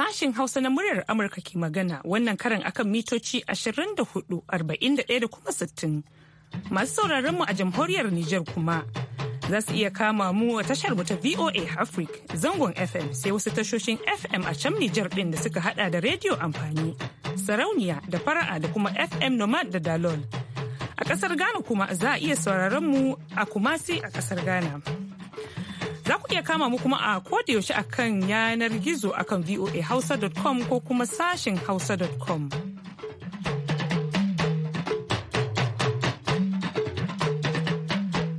Sashen Hausa na muryar Amurka ke magana wannan karan akan mitoci hudu da kuma 60. Masu sauraron mu a jamhuriyar Nijar kuma za su iya kama mu a tashar mu ta VOA Africa zangon FM sai wasu tashoshin FM a can Nijar din da suka hada da rediyo amfani, sarauniya da fara'a da kuma FM Nomad da Dalol. A ƙasar Ghana kuma za a iya sauraron mu a Kumasi a ƙasar Ghana. Za ku iya kama mu kuma a yaushe akan yanar gizo akan voahausa.com ko kuma sashin hausa.com.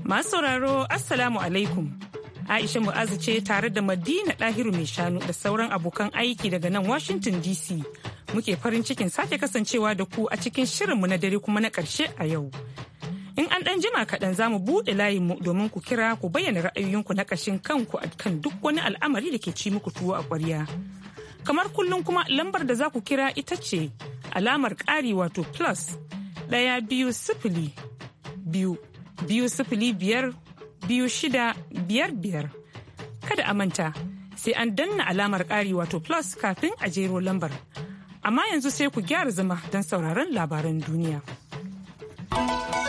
Masu sauraro Assalamu alaikum. Aisha Mu'azu ce tare da Madina Ɗahiru mai shanu da sauran abokan aiki daga nan Washington DC. Muke farin cikin sake kasancewa da ku a cikin shirinmu na dare kuma na ƙarshe a yau. in an ɗan jima kaɗan za mu buɗe mu domin ku kira ku bayyana ra'ayoyinku na ƙashin kanku a kan duk wani al'amari da ke ci muku tuwo a ƙwarya. Kamar kullum kuma lambar da za ku kira ita ce alamar ƙari wato plus ɗaya biyu sifili biyu biyu sifili biyar biyu shida biyar biyar. Kada a manta sai an danna alamar ƙari wato plus kafin a jero lambar. Amma yanzu sai ku gyara zama don sauraron labaran duniya. thank you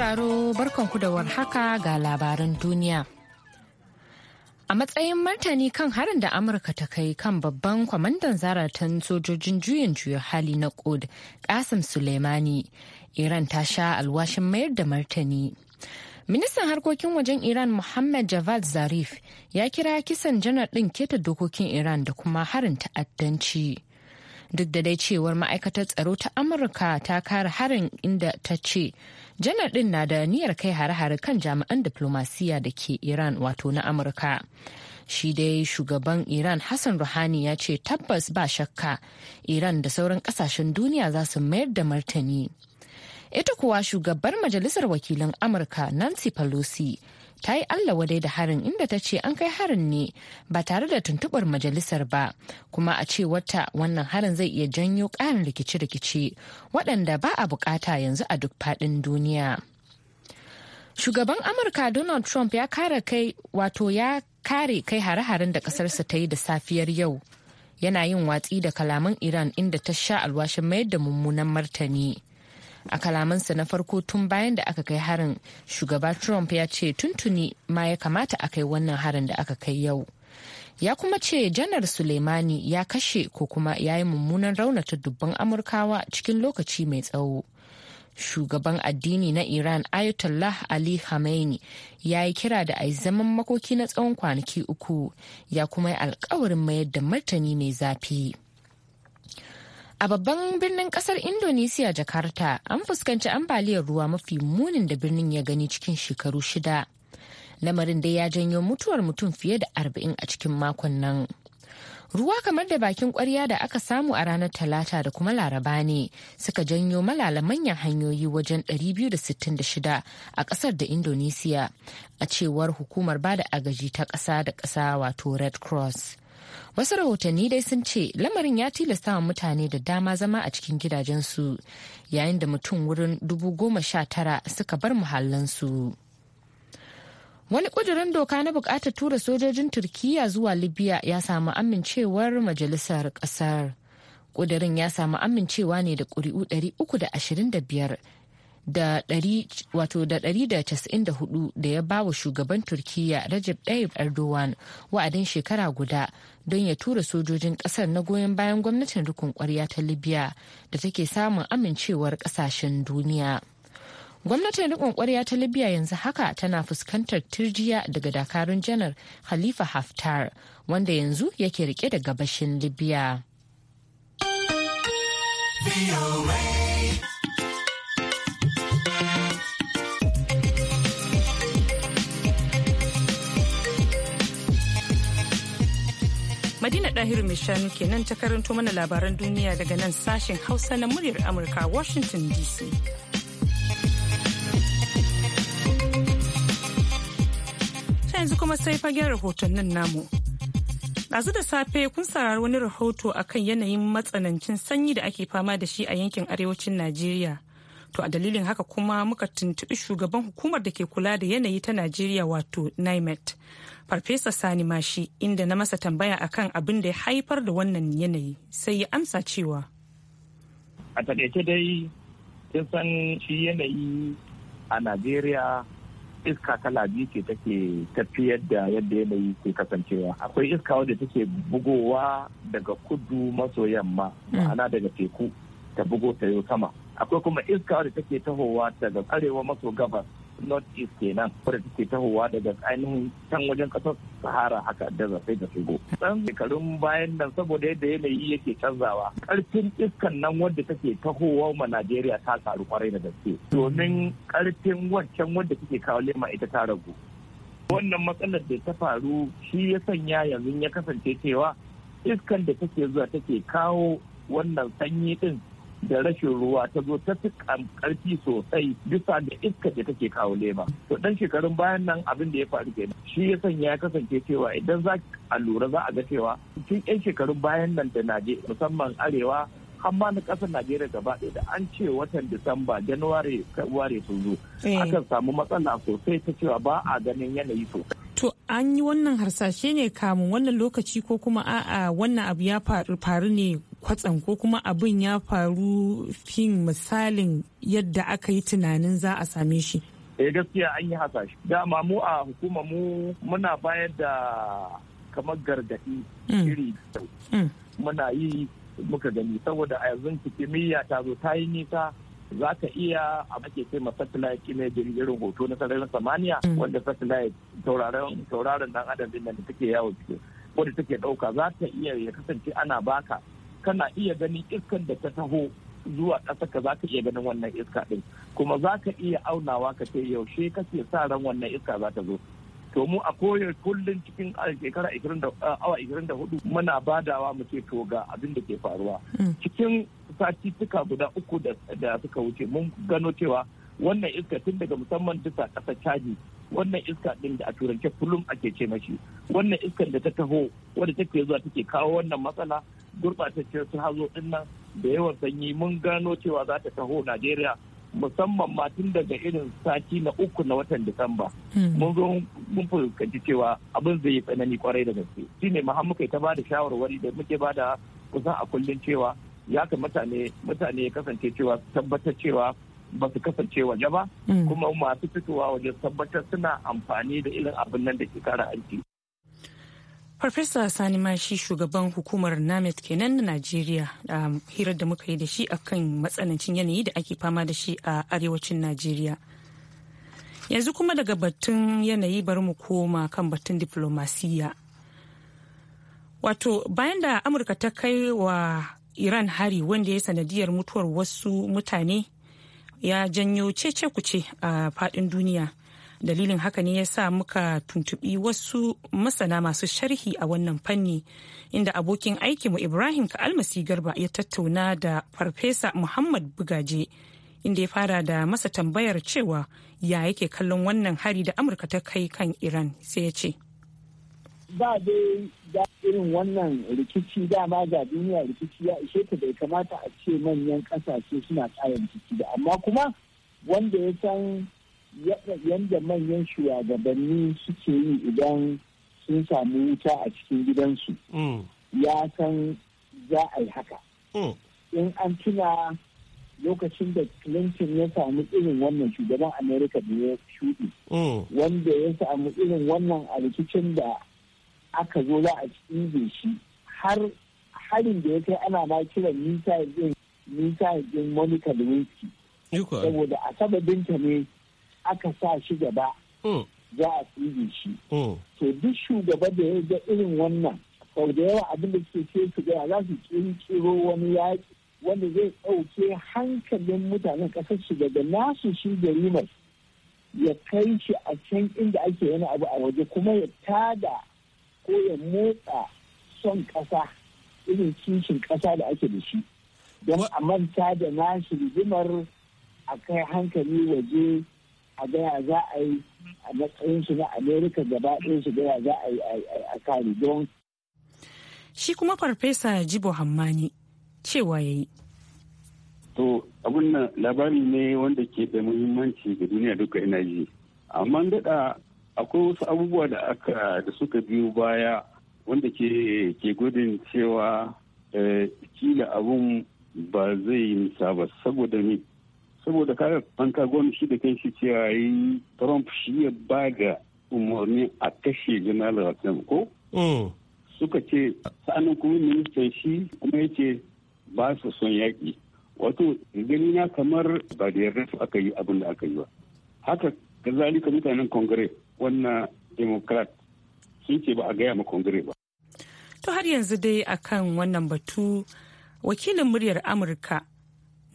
sauraro barkanku da warhaka ga labaran duniya. A matsayin martani kan harin da Amurka ta kai kan babban kwamandan zaratan sojojin juyin juya hali na Qud, Kasim Suleimani, Iran ta sha alwashin mayar da martani. Ministan harkokin wajen Iran Muhammad Javad Zarif ya kira kisan janar ɗin keta dokokin Iran da kuma harin ta'addanci. duk da dai cewar ma'aikatar tsaro ta amurka ta kare harin inda ta ce janar din na da niyyar kai hare-hare kan jami'an diplomasiya da ke iran wato na amurka shi dai shugaban iran hassan ruhani ya ce tabbas ba shakka iran da sauran kasashen duniya za su mayar da martani ita kuwa shugabar majalisar wakilan amurka nancy pelosi ta yi allah wadai da harin inda ta ce an kai harin ne ba tare da tuntubar majalisar ba kuma a ce wata wannan harin zai iya janyo ƙarin rikice-rikice waɗanda ba a bukata yanzu a duk faɗin duniya shugaban amurka donald trump ya kare kai wato ya kare kai hare-haren da ƙasarsa ta yi da safiyar yau yana yin watsi da kalaman iran inda ta sha alwashin mayar da mummunan martani a kalamansa na farko tun bayan da aka kai harin shugaba trump ya ce tuntuni ma ya kamata a kai wannan harin da aka kai yau ya kuma ce janar suleimani ya kashe ko kuma ya yi mummunan raunata dubban amurkawa cikin lokaci mai tsawo shugaban addini na iran ayatollah ali khamenei ya yi kira da a zaman makoki na tsawon kwanaki uku ya kuma yi alkawarin mayar da martani mai zafi. A babban birnin kasar Indonesia Jakarta an fuskanci ambaliyar ruwa mafi munin da birnin ya gani cikin shekaru shida. Lamarin dai ya janyo mutuwar mutum fiye da arba'in a cikin makon nan. Ruwa kamar da bakin kwarya da aka samu a ranar Talata da kuma Laraba ne suka janyo malala manyan hanyoyi wajen 266 a kasar da Indonesia a cewar hukumar bada agaji ta ƙasa da ƙasa wato Red Cross. Wasu rahotanni dai sun ce lamarin ya tilasta wa mutane da dama zama a cikin gidajensu yayin da mutum wurin dubu goma sha tara suka bar muhallansu. Wani kudurin doka na buƙatar tura sojojin Turkiyya zuwa Libya ya samu amincewar majalisar kasar ƙudirin ya samu amincewa ne da ƙuri'u 325 da 194 da ya ba wa shugaban turkiyya rajab Tayyip erdogan wa'adin shekara guda don ya tura sojojin kasar na goyon bayan gwamnatin rukun kwarya ta libya da take samun amincewar kasashen duniya gwamnatin rikon kwarya ta libya yanzu haka tana fuskantar turjiya daga dakarun janar khalifa haftar wanda yanzu yake rike da gabashin libya. Madina Dahiru mai shanu kenan ta karanto mana labaran duniya daga nan sashen Hausa na muryar Amurka Washington DC. Ta yanzu kuma sai fagen rahotannin namu. Ɗazu da safe kun saurari wani rahoto akan yanayin matsanancin sanyi da ake fama da shi a yankin arewacin Najeriya. to a dalilin haka kuma muka tuntuɓi shugaban hukumar da ke kula da yanayi ta najeriya wato nimet farfesa sani mashi inda na masa tambaya akan abin da ya haifar da wannan yanayi sai ya amsa cewa a takaice dai kin san shi yanayi a najeriya iska kala biyu ke take tafiyar da yadda yanayi ke kasancewa akwai iska wadda take bugowa daga kudu maso yamma ma'ana daga teku ta bugo ta yau sama akwai kuma iska da take tahowa daga arewa maso gabas north east kenan wadda take tahowa daga ainihin can wajen kasar sahara haka da zafai da shigo dan shekarun bayan nan saboda yadda yanayi yake canzawa karfin iskan nan wadda take tahowa ma najeriya ta karu kwarai da gaske domin karfin wancan wadda take kawo lema ita ta ragu wannan matsalar da ta faru shi ya sanya yanzu ya kasance cewa iskan da take zuwa take kawo wannan sanyi din da rashin ruwa ta zo ta fi karfi sosai bisa da iska da take kawo lema to dan shekarun bayan nan abin da ya faru kenan shi ya sanya ya kasance cewa idan za a lura za a ga cewa tun yan shekarun bayan nan da naje musamman arewa har ma na ƙasar Najeriya gaba ɗaya da an ce watan Disamba, Januwari, Februari sun zo. Eh. Akan samu matsala sosai ta cewa ba a ganin yanayi so. To an yi wannan harsashe ne kamun wannan lokaci ko kuma a'a wannan abu ya faru ne kwatsam ko kuma abin ya faru fin misalin yadda aka yi tunanin za a same shi eh gaskiya an yi hasashe dama mu a hukuma mu muna bayar da kamar gargaɗi mm. iri mm. muna yi muka gani saboda a yanzu kimiyya ta zo ta yi nisa za ka iya a ake ce ma satellite imagery irin hoto na sararin samaniya mm. wanda satellite tauraron tauraron dan adam din da take yawo cikin wanda take dauka za ta iya ya kasance ana baka kana iya ganin iskan da ta taho zuwa ƙasa ka za ka iya ganin wannan iska ɗin kuma za ka iya aunawa ka ce yaushe kake sa ran wannan iska za ta zo to mu a koyar kullum cikin shekara awa 24 muna badawa mu ce to ga abin da ke faruwa mm. cikin sati tuka guda uku da suka wuce mun gano cewa wannan iska tun daga musamman dusa kasar caji wannan iska ɗin da a turance kullum ake ce mashi wannan iskar da ta taho wadda take zuwa take kawo wannan matsala gurɓataccen su hazo ɗin nan da yawan sanyi mun gano cewa za ta taho najeriya musamman ma tun daga irin sati na uku na watan disamba hmm. mun zo mun fuskanci cewa abin zai yi tsanani kwarai da gaske shine ma kai ta ba da shawarwari da muke ba da kusan a kullum cewa ya kamata mutane ya kasance cewa tabbatar cewa ba su kasance waje ba mm. kuma masu fitowa waje tabbatar suna amfani da irin abin nan da ke kara aiki. Farfesa Sani ma shi shugaban hukumar NAMET kenan na Najeriya a hirar da muka yi da shi akan matsanancin yanayi da ake fama da shi a arewacin Najeriya. Yanzu kuma daga batun yanayi bari mu koma kan batun diplomasiya Wato bayan da Amurka ta kai wa Iran hari wanda ya sanadiyar mutuwar wasu mutane ya janyo cece kuce a faɗin duniya dalilin haka ne ya sa muka tuntubi wasu masana masu sharhi a wannan fanni inda abokin aikinmu ibrahim almasi garba ya tattauna da farfesa muhammad bugaje inda ya fara da masa tambayar cewa ya yake kallon wannan hari da amurka ta kai kan iran sai ya ce ba dai da irin wannan rikici dama ga duniya rikici ya ishe ta bai kamata a ce manyan kasashe suna tsara rikici da amma kuma wanda ya san yadda manyan shugabanni suke yi idan sun samu wuta a cikin gidansu mm. ya san za a yi haka mm. in an tuna lokacin da clinton ya samu irin wannan shugaban america da ya shuɗi mm. wanda ya samu irin wannan a rikicin da aka zo za a cize shi har harin da ya kai ana ma kiran nisa din nisa din monica lewinsky saboda a sababinta ne aka sa shi gaba hmm. za a tsige shi hmm. to duk shugaba da ya ga irin wannan sau da yawa abin da suke ce su gaya za su kirkiro wani yaƙi wanda zai ɗauke hankalin mutanen ƙasar shiga da nasu shi jarimar ya kai shi a can inda ake wani abu a waje kuma ya tada ko ya motsa son ƙasa irin kishin ƙasa da ake da shi don a manta da nashi rigimar a kai hankali waje a gaya za a yi a matsayin shi na amerika gaba ɗaya shi gaya za a yi a kare don shi kuma farfesa jibo hammani cewa ya yi to abin nan labari ne wanda ke da muhimmanci ga duniya duka ina ji amma daɗa akwai wasu abubuwa da aka da suka biyo baya wanda ke ke gudun cewa eh, kila abun ba zai yi nisa ba saboda ni saboda kaga an ka gwamnati shi da kan shi cewa yi trump shi ya ba ga umarni a kashe janar rasim ko mm. suka ce sa'anin kuma ministan shi kuma ya ce ba su son yaƙi wato gani na kamar ba da yarda su aka yi abin da aka yi ba haka kazalika mutanen congress wannan democrat sun ce ba a gaya ma kongire ba to har yanzu dai akan wannan batu wakilin muryar amurka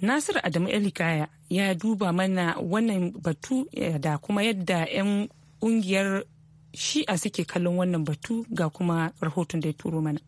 nasiru adamu elikaya ya duba mana wannan batu eh, da kuma yadda 'yan kungiyar shi'a suke kallon wannan batu ga kuma rahoton da ya turo mana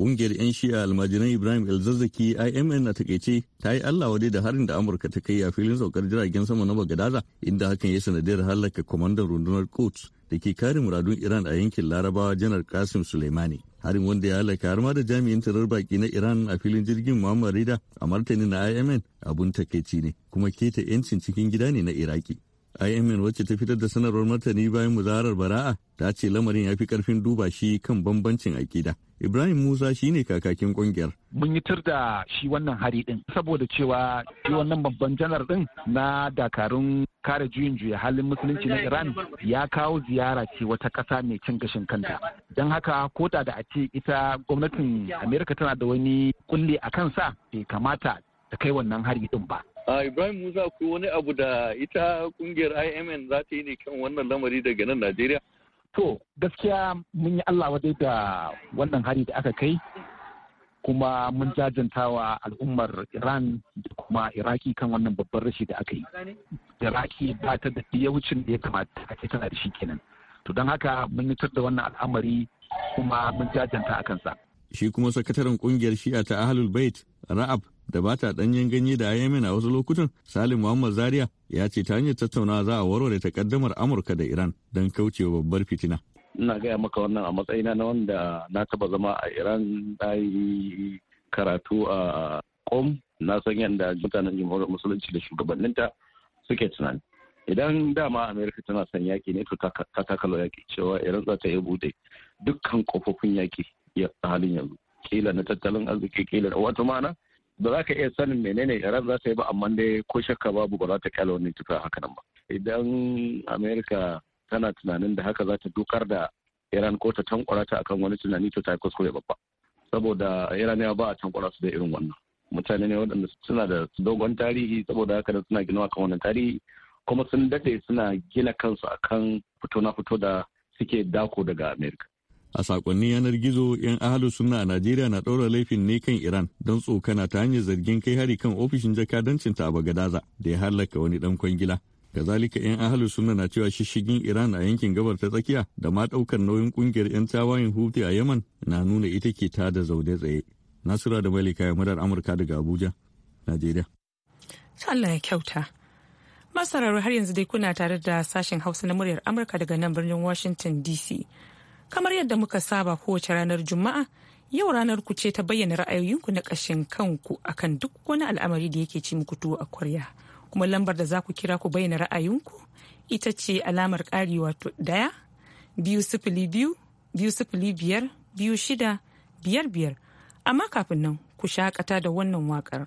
Ƙungiyar 'yan shi'a almajiran Ibrahim Elzazzaki IMN na takaice ta yi Allah wade da harin da Amurka ta kai a filin saukar jiragen sama na Bagadaza inda hakan ya sanadiyar halaka kwamandan rundunar kot da ke kare muradun Iran a yankin Larabawa Janar Kasim Suleimani. Harin wanda ya halaka har ma da jami'in tarar baki na Iran a filin jirgin Muhammad Rida a martani na IMN abun takaici ne kuma keta 'yancin cikin gida ne na Iraki. IMN wacce ta fitar da sanarwar martani bayan muzarar bara'a ta ce lamarin ya fi karfin duba shi kan bambancin akida Ibrahim Musa shine kakakin kungiyar. Mun yi tur da shi wannan hari din saboda cewa shi wannan babban janar din na dakarun kare juyin juya halin musulunci na Iran ya kawo ziyara ce wata ƙasa mai cin gashin kanta. Don haka ko da da a ce ita gwamnatin Amerika tana da wani kulle a kansa bai kamata ta kai wannan hari din ba. a ibrahim musa ko wani abu da ita kungiyar imn za ta yi ne kan wannan lamari daga nan najeriya To gaskiya mun yi Allah wadai da wannan hari da aka kai kuma mun jajanta wa al'ummar Iran da kuma Iraki kan wannan babban rashi da aka yi. Iraki ba ta da wucin da ya kamata a tana da shi kenan. To don haka mun yi da wannan al'amari kuma mun jajanta a kansa. Shi kuma sakataren kungiyar shi'a ta Ahlul Bait Ra'ab da ba ta ɗanyen ganye da ayamin a wasu lokutan salim muhammad zaria ya ce ta hanyar tattaunawa za a warware takaddamar amurka da iran don kaucewa babbar fitina ina gaya maka wannan a matsayina na wanda na taba zama a iran na yi karatu a kom na san yadda mutanen jamhuriyar musulunci da shugabanninta suke tunani idan dama amerika tana son yaki ne to ta takalo yaki cewa iran za ta yi bude dukkan kofofin yaki a halin yanzu kila na tattalin arziki kila da wata mana ba za ka iya sanin menene iran za ta yi ba amma dai ko shakka babu ba za ta kyala wani tufa haka nan ba idan america tana tunanin da haka za ta dukar da iran ko ta tankwara ta akan wani tunani to ta kuskure babba saboda ya ba a tankwara su da irin wannan mutane ne waɗanda suna da dogon tarihi saboda haka da suna gina kan wannan tarihi kuma sun daɗe suna gina kansu akan fito na fito da suke dako daga america a sakonnin yanar gizo 'yan ahalu suna a najeriya na ɗaura laifin ne kan iran don tsokana ta hanyar zargin kai hari kan ofishin ta a bagadaza da ya halaka wani dan kwangila kazalika 'yan ahalu suna na cewa shishigin iran a yankin gabar ta tsakiya da ma ɗaukar nauyin ƙungiyar 'yan tawayen hutu a yaman na nuna ita ke ta da zaune tsaye nasura da malika ya murar amurka daga abuja najeriya Allah ya kyauta masarar har yanzu dai kuna tare da sashen hausa na muryar amurka daga nan birnin washington dc kamar yadda muka saba kowace ranar juma'a yau ranar ku ce ta bayyana ra'ayoyinku na ƙashin kanku akan duk wani al'amari da yake ci muku tuwo a kwarya kuma lambar da za ku kira ku bayyana ra'ayinku ita ce alamar ƙari wato ɗaya biyu sifili biyu biyu sifili biyar biyu shida biyar biyar amma kafin nan ku shakata da wannan waƙar.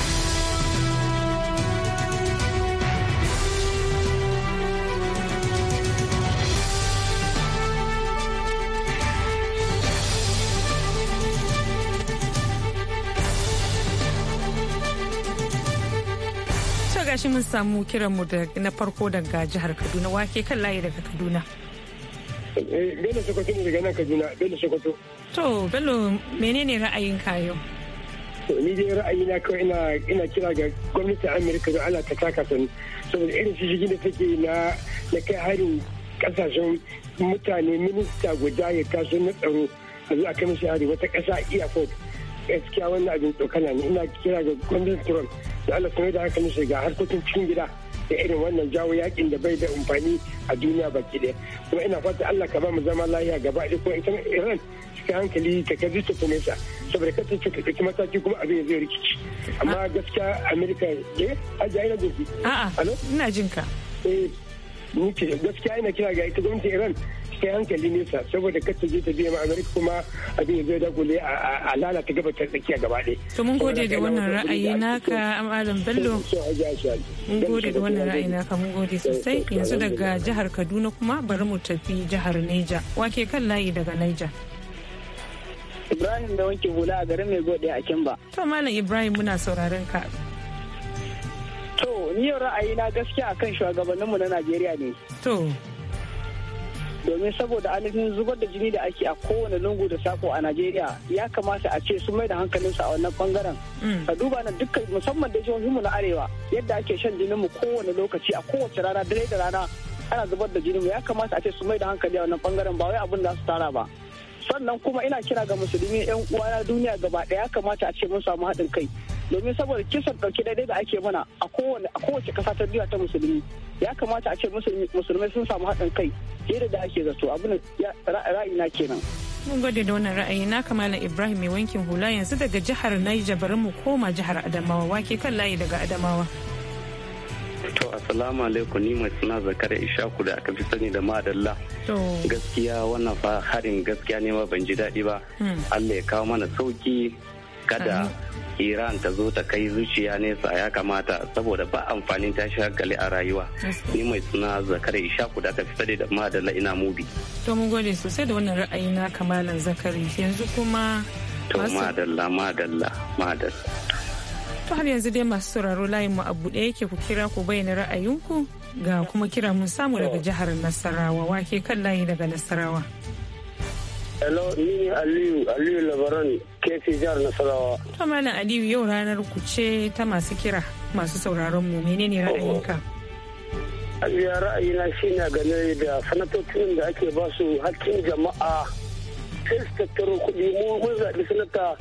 gashi mun samu kiran mu na farko daga jihar kaduna wake kan layi daga kaduna eh, bello sokoto ne daga nan kaduna bello sokoto to bello menene ka yau ni dai na kawai ina kira ga gwamnati amurka don Allah ta taka sani saboda irin shishigi da take na na kai harin kasashen mutane minista guda ya taso na tsaro a zuwa kamar mishi hari wata ƙasa iya fort gaskiya wannan abin tsokana ne ina kira ga gwamnatin turon da allah yadda da na shiga harkokin cikin gida da irin wannan jawo yakin da bai da amfani a duniya baki ɗaya kuma ina fata allah ka ba mu zama lahiya gaba ɗaya kuma ita iran cikin hankali ta kaji ta nesa saboda kasa ce ta ɗauki mataki kuma abin zai rikici amma ah. gaskiya amerika ne hajji ina jin a'a ina jin ka eh gaskiya ina kira ga ita gwamnatin iran kai hankali nesa saboda kar ta je ta biya ma Amerika kuma abin ya zai dagule a lalata gaba tsakiya gaba ɗaya. To mun gode da wannan ra'ayi naka Malam Bello. Mun gode da wannan ra'ayi naka mun gode sosai yanzu daga jihar Kaduna kuma bari mu tafi jihar Neja. Wake kan layi daga Neja. Ibrahim da wanke hula a garin mai gode a Kimba. To Malam Ibrahim muna sauraron ka. To ni yau ra'ayi na gaskiya akan shugabanninmu na Najeriya ne. To. domin saboda ainihin zubar da jini da ake a kowane lungu da sako a najeriya ya kamata a ce su mai da hankalinsu a wannan bangaren mm. ka duba na dukkan musamman da jihohinmu na arewa yadda ake shan jinin mu kowane lokaci a kowace rana dare da rana ana zubar da jini mu ya kamata a ce su mai da hankali a wannan bangaren ba wai abin da su tara ba sannan kuma ina kira ga musulmi yan uwa na duniya gaba ya kamata a ce mun samu haɗin kai domin saboda kisan ɗauki daidai da ake mana a kowace a kowace kasa ta duniya ta musulmi ya kamata a ce musulmai sun samu haɗin kai fiye da ake zato abin ra'ina kenan. mun gode da wannan ra'ayi na kamala ibrahim mai wankin hula yanzu daga jihar naija bari mu koma jihar adamawa wake kan layi daga adamawa. To assalamu alaikum ni mai suna zakar ishaku da aka fi sani da madalla. Gaskiya wannan fa harin gaskiya ne ma ban ji daɗi ba. Hmm. Allah ya kawo mana sauki kada iran ta zo ta kai zuciya nesa ya kamata saboda ba amfanin tashi hankali a rayuwa ni mai suna zakari ishaku da aka fi sade da madalla ina mubi to mun gode sosai da wannan ra'ayi na kamalan zakari yanzu kuma to madalla madalla madalla to har yanzu dai masu sauraro layin mu a buɗe yake ku kira ku bayyana ra'ayinku ga kuma kira mun samu daga jihar nasarawa wake kan layi daga nasarawa Hello, ni ne Aliyu, Aliyu Labaran, kefi jihar Nasarawa. Ta Malam Aliyu yau ranar kuce ta masu kira masu sauraron mu menene ra'ayinka? Oh. Aliyu ra'ayina shi na game da sanatocin da ake ba su hakkin jama'a sai su tattaro kuɗi mu mun zaɓi sanata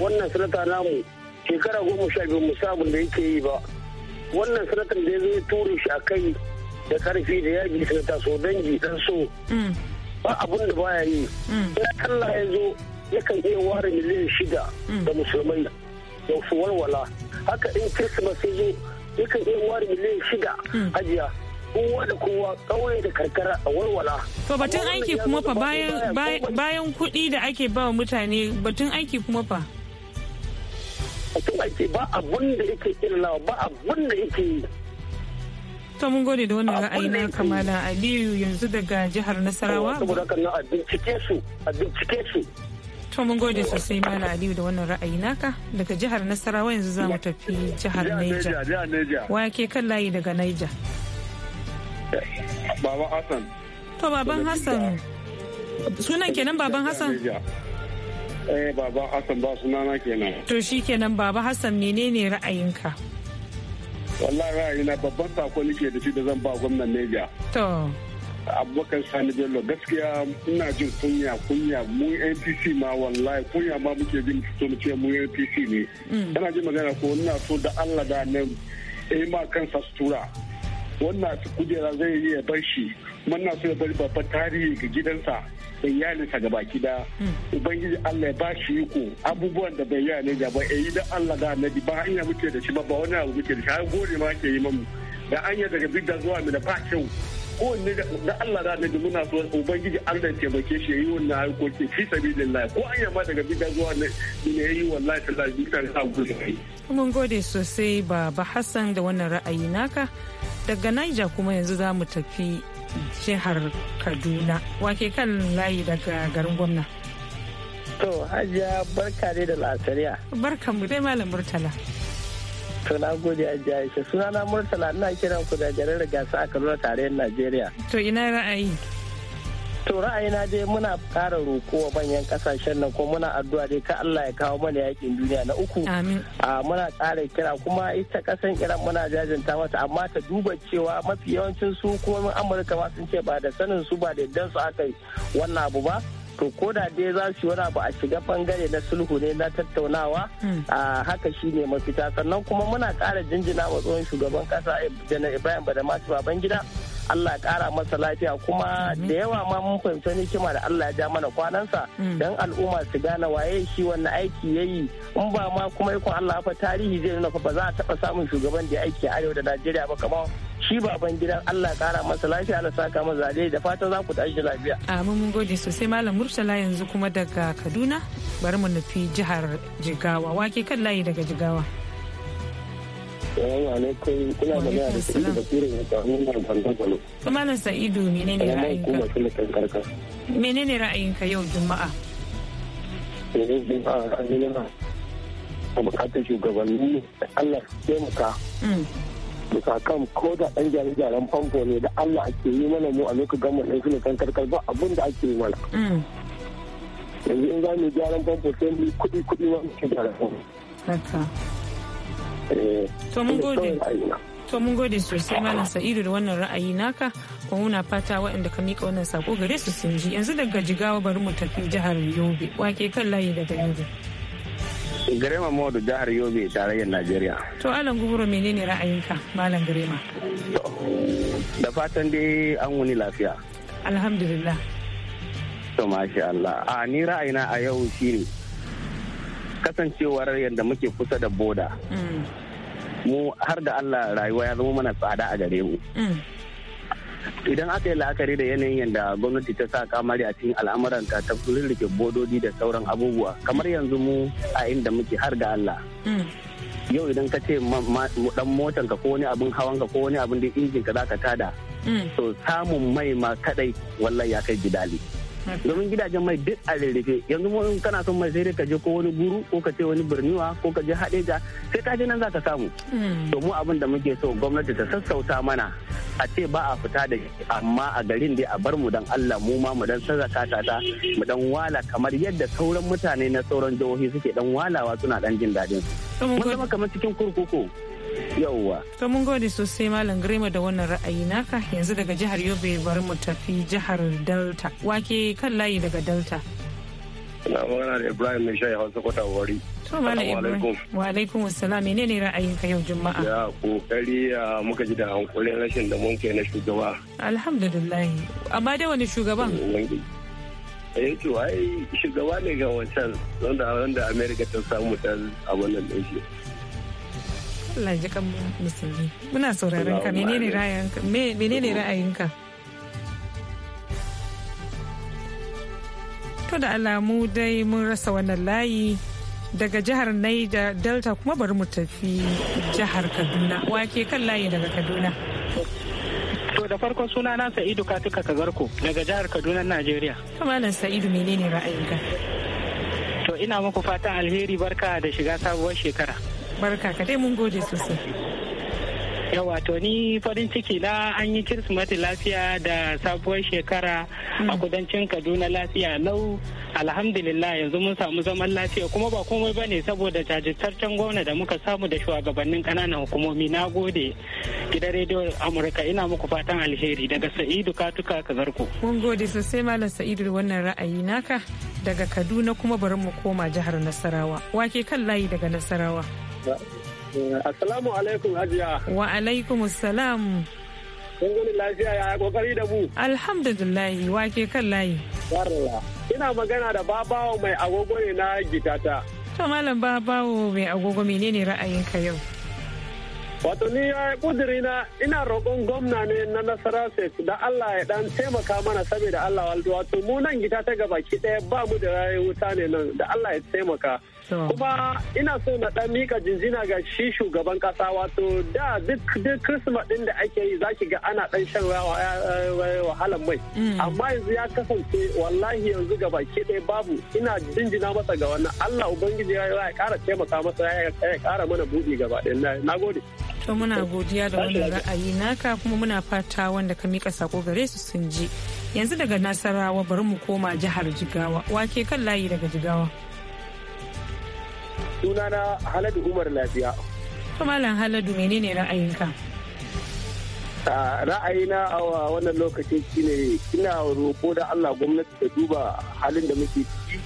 wannan sanata namu shekara goma sha biyu musamman da yake yi ba. Wannan sanatan da ya zo ya shi a kai da ƙarfi da yaƙi sanata so dangi dan so. Mm. ba abun da baya yi mm. sai Allah ya zo yakan iya ware miliyan shida mm. da musulmai da su walwala haka in Christmas ya zo yakan iya ware miliyan shida mm. hajiya kowa da kowa kawai da karkara a walwala. To batun aiki kuma fa bayan kuɗi da ake ba wa mutane batun aiki kuma fa. Batun aiki ba abun da yake ilalawa ba abun da yake yi. ta mun gode da wannan ra'ayi na kamala aliyu yanzu daga jihar nasarawa saboda haka na bincike su a bincike su to mun gode sosai mala aliyu da wannan ra'ayi naka daga jihar nasarawa yanzu za mu tafi jihar naija wa ke kan layi daga naija hassan to baban hassan sunan kenan baban hassan eh baba hassan ba sunana kenan to shi kenan baba hassan menene ra'ayinka wallahi ra'ayina babban sako nake da shi da zan ba gwamnan Neja. To. Abubakar Sani Bello gaskiya ina jin kunya kunya mu APC ma wallahi kunya ma muke jin fito mu mu APC ne. Ina mm. jin magana ko ina so da Allah da nan eh ma kansa sutura. Wannan kujera zai iya bar shi. na so ya bari babban tarihi ga gidansa. da iyalinsa gaba gida da ubangiji Allah ya ba shi iko abubuwan da bai yi a Niger ba eh idan Allah da annabi ba hanya muke da shi ba ba wani abu muke da shi har gode ma ke yi mamu da anya daga bidda zuwa mu da ba kyau ne da Allah da annabi muna so ubangiji Allah ya taimake shi yayi wannan harkoki fi sabilillah ko anya ma daga bidda zuwa ne yi wallahi tallahi bidda ta gudu mun gode sosai ba Hassan da wannan ra'ayi naka daga Niger kuma yanzu za mu tafi jihar kaduna wake kan layi daga garin gwamna to hajiya barka dai da lasariya barka mu dai malam murtala to na gode hajiya aisha na murtala ina kiran ku da garin gasa a kaduna tarayyar najeriya to ina ra'ayi To ra'ayina dai muna ƙara roƙo wa manyan kasashen nan ko muna addu'a dai ka Allah ya kawo mana yakin duniya na uku. Amin. muna ƙara kira kuma ita ƙasan Iran muna jajanta mata amma ta duba cewa mafi yawancin su kuma Amurka ma sun ce ba da sanin su ba da yaddan su aka yi wannan abu ba. to ko da dai za su yi wani abu a shiga bangare na sulhu ne na tattaunawa hmm. a haka shi ne mafita sannan kuma muna kara jinjina wa tsohon shugaban ƙasa eh, janar ibrahim masu babangida gida Allah kara masa lafiya kuma da yawa ma mun fahimci hikima da Allah ya ja mana kwanansa mm. dan al'umma su gane waye shi wannan aiki yayi in ba ma kuma ikon Allah fa tarihi zai nuna ba za a taɓa samun shugaban da aiki a arewa da Najeriya ba kamar shi baban gidan Allah kara masa lafiya Allah saka masa zade da fata za ku tashi lafiya. Amin mun gode sosai Malam Murtala yanzu kuma daga Kaduna bari mu nufi jihar Jigawa wake kan layi daga Jigawa. Salamu alaikum kuna magana da Sa'idu Basiru ne ta hannun Bantan Kwalo. Malam Sa'idu menene ra'ayinka? Kuma kuma kan karka. Menene ra'ayinka yau Juma'a? Yau Juma'a ra'ayina a bukatar shugabanni Allah su taimaka. Mm. bisa kan ko da ɗan gyare-gyaren famfo ne da Allah ake yi mana mu a lokacin gama ɗan su ne kan karkar ba abin da ake yi mana. Mm. Yanzu in za mu gyaran famfo sai mu kuɗi kuɗi ma mu ci gyaran famfo. Eh, to mun eh, gode to mun gode sosai malam sa'idu da wannan ra'ayi naka kuma muna fata waɗanda ka mika wannan sako gare su sun ji yanzu daga jigawa bari mu tafi jihar yobe wake kan layi daga yobe Girema Modu jihar Yobe tarayyar Najeriya. To Alan Gubro menene ra'ayinka Malam Girema. Da fatan dai an wuni lafiya. Alhamdulillah. To masha Allah. A ni ra'ayina a yau shine kasancewar yadda muke kusa da boda mm. mu har da allah rayuwa ya zama mana tsada a gare mu mm. idan aka yi la'akari da yanayin yadda gwamnati ta sa kamari a cikin al'amuranta ta rike bododi da sauran abubuwa kamar yanzu mu a inda muke har da Allah mm. yau idan ka ce dan motan ka ko wani abin hawan ka ko wani abin da injin ka zaka tada to samun mai ma kadai wallahi ya kai gidali. domin gidajen mai duk a rirrife yanzu mu in kana son mai sai ka je ko wani guru ko ka ce wani birniwa ko ka je hadeja sai ka je nan za ka samu hmm. to abin da muke so gwamnati ta sassauta mana a ce ba a fita da amma a garin dai a bar mu dan Allah mu ma mu dan sarrafa ta mu dan wala kamar yadda sauran mutane na sauran jihohi suke dan walawa suna dan jin dadin mun zama kamar cikin kurkuku yauwa to mun gode sosai malam grima da wannan ra'ayi naka yanzu daga jihar yobe bari mu tafi jihar delta wake kan layi daga delta na magana da ibrahim mai shayi hausa kwata wari to malam ibrahim wa alaikum assalam menene ra'ayinka yau juma'a ya kokari muka ji da hankulin rashin da mun kai na shugaba alhamdulillah amma da wani shugaban ya eh, to ai shugaba ne ga wancan wanda wanda america ta samu dan abin nan shi Allah ji kan musulmi muna sauraron ka menene ra'ayinka menene ra'ayinka to da alamu dai mun rasa wannan layi daga jihar Naija Delta kuma bari mu tafi jihar Kaduna wake kan layi daga Kaduna to da farko suna na Sa'idu Katika Kazarko daga jihar Kaduna Najeriya to malam Sa'idu menene ra'ayinka to ina muku fatan alheri barka da shiga sabuwar shekara barka ka dai mun gode sosai yawa to ni farin ciki na an yi kirsimati lafiya da sabuwar shekara a mm. kudancin kaduna lafiya lau alhamdulillah yanzu mun samu zaman lafiya kuma ba komai ba ne saboda jajirtaccen gwamna da muka samu da shugabannin kananan hukumomi na gode gidan rediyo amurka ina muku fatan alheri daga sa'idu katuka kazarku mun gode sosai malam sa'idu wannan ra'ayi naka daga kaduna kuma bari mu koma jihar nasarawa wake kan layi daga nasarawa Eh, assalamu alaikum Hajiya. Wa alaikum assalam. Kun gani lafiya ya kokari da mu. Alhamdulillah wa ke kan layi. Barla. Ina magana da babawo mai agogo ne na gitata. To malam babawo mai agogo menene ra'ayinka yau? wato ni ya eh, kudiri na ina roƙon gwamna ne na nasara da Allah ya dan taimaka mana saboda Allah wato mu nan gida ta gaba ki ɗaya ba mu da rayuwa wuta ne nan da Allah ya taimaka kuma ina so na dan mika jinjina ga shi shugaban kasa wato da duk duk christmas din da ake yi zaki ga ana dan shan wahalan mai mm. amma yanzu ya kasance wallahi yanzu ga baki ɗaya babu ina jinjina masa ga wannan allah ubangiji ya kara taimaka masa ya kara mana buɗi gaba ɗaya na gode to muna godiya da wannan ra'ayi naka kuma muna fata wanda ka mika sako gare su sun ji yanzu daga nasarawa bari mu koma jihar jigawa wake kan layi daga jigawa suna na haladu umar lafiya malam haladu menene ra'ayinka ra'ayina a wannan lokacin shine ina roƙo da Allah gwamnati ta duba halin da muke ciki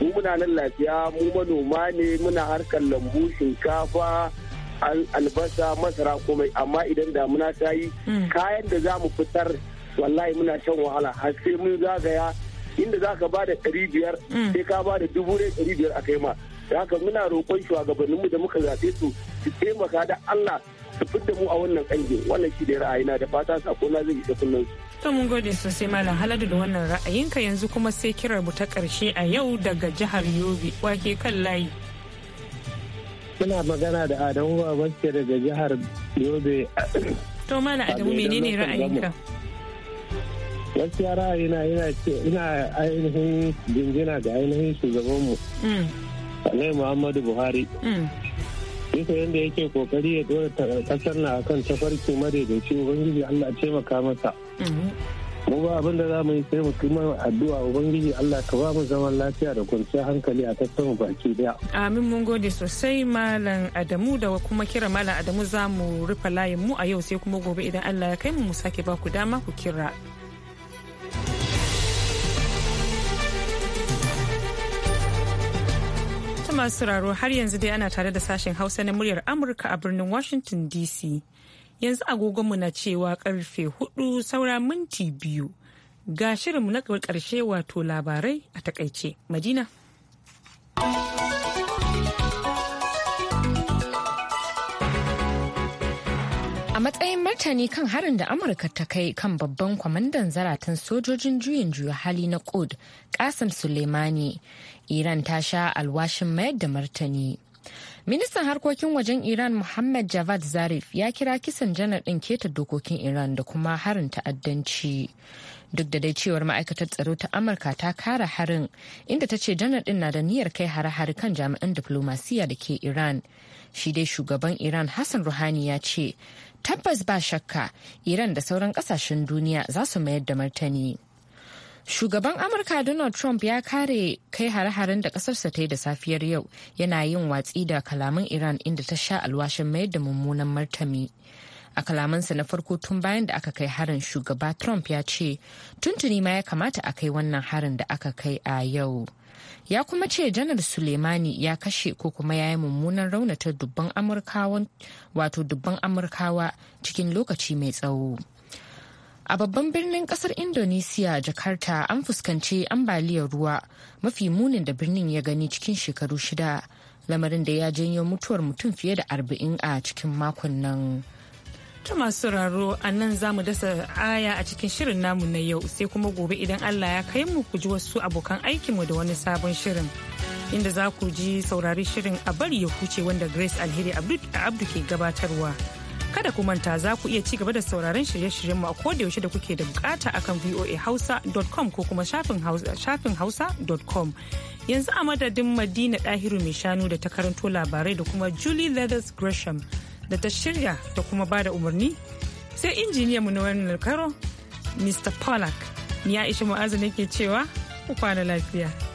mu muna nan lafiya mu manoma ne muna harkar lambu shinkafa albasa masara komai amma idan damuna ta yi hmm. kayan da za mu fitar wallahi muna shan wahala har sai mun zagaya inda za ka ba da ɗari biyar hmm. sai ka ba da dubu ɗari biyar a kai ma haka muna roƙon shugabanninmu da muka zaɓe su su taimaka da Allah su fidda mu a wannan ƙangin wannan shi da ra'ayina da fata sako na zai isa kullum to mun gode sosai malam haladu da wannan ra'ayinka yanzu kuma sai kirar mu ta ƙarshe a yau daga jihar yobe wake kan layi Muna magana da Adamu Babaske daga jihar Yobe. To malam Adamu menene ra'ayinka? Gaskiya ra'ayina ina ainihin jinjina ga ainihin shugabanmu. Mm. Alai Muhammadu Buhari. Mm. Bisa yadda yake kokari ya dora kasar na akan tafarki madaidaici Ubangiji Allah a taimaka masa. Mm-hmm. Mu ba abin da za mu yi sai mu kuma addu'a Ubangiji Allah ka ba mu zaman lafiya da kwanciyar hankali a kasar mu baki daya. Amin mun gode sosai Malam Adamu da kuma kira Malam Adamu za mu rufe layin mu a yau sai kuma gobe idan Allah ya kai mu mu sake ba ku dama ku kira. wasu masu sauraro har yanzu dai ana tare da sashen Hausa na muryar Amurka a birnin Washington DC. Yanzu agogonmu na cewa karfe hudu saura minti biyu. Ga shirinmu na karshe wato labarai a takaice. Madina. A matsayin martani kan harin da Amurka ta kai kan babban kwamandan zaratan sojojin juyin juya hali na Qud, Qasem suleimani. Iran ta sha alwashin mayar da martani. Ministan harkokin wajen Iran Muhammad Javad Zarif ya kira kisan janar ɗin keta dokokin Iran da kuma harin ta'addanci. Duk da dai cewar ma'aikatar tsaro ta Amurka ta kara harin inda ta ce janar ɗin na da niyyar kai hare-hare kan jami'an diplomasiya da ke Iran. Shi dai shugaban Iran Hassan Ruhani ya ce, tabbas ba shakka Iran da sauran ƙasashen duniya za su mayar da martani. Shugaban Amurka Donald Trump ya kare kai hare-haren da kasarsa ta yi da safiyar yau yana yin watsi da kalaman Iran inda ta sha alwashin mayar da mummunan martami. A kalamansa na farko tun bayan da aka kai harin shugaba Trump ya ce tuntuni ma ya kamata a kai wannan harin da aka kai a yau. Ya kuma ce janar Suleimani ya kashe ko kuma ya yi mummunan raunata dubban Amurkawa cikin lokaci mai tsawo. A babban birnin kasar Indonesia, Jakarta, an fuskanci ambaliyar ruwa mafi munin da birnin ya gani cikin shekaru shida, lamarin da ya janyo mutuwar mutum fiye da arba'in a cikin makon nan. Ta masu raro a nan za mu dasa aya a cikin shirin namu na yau sai kuma gobe idan Allah ya kai mu ku ji wasu abokan aikinmu da wani sabon shirin. Inda za ku ji saurari shirin a bari ya huce wanda Grace Alheri Abdu ke gabatarwa. Kada ku manta za ku iya ci gaba da sauraron shirye-shiryenmu a yaushe da kuke da bukata akan voahausa.com ko kuma shafin hausa.com. Yanzu a madadin Madina Dahiru mai shanu da ta karanto labarai da kuma Julie Leathers Gresham da ta shirya da kuma bada umarni. Sai injiniyanmu na wannan karo, Mr. Pollack. Ni Aisha ne ke cewa ku kwana lafiya.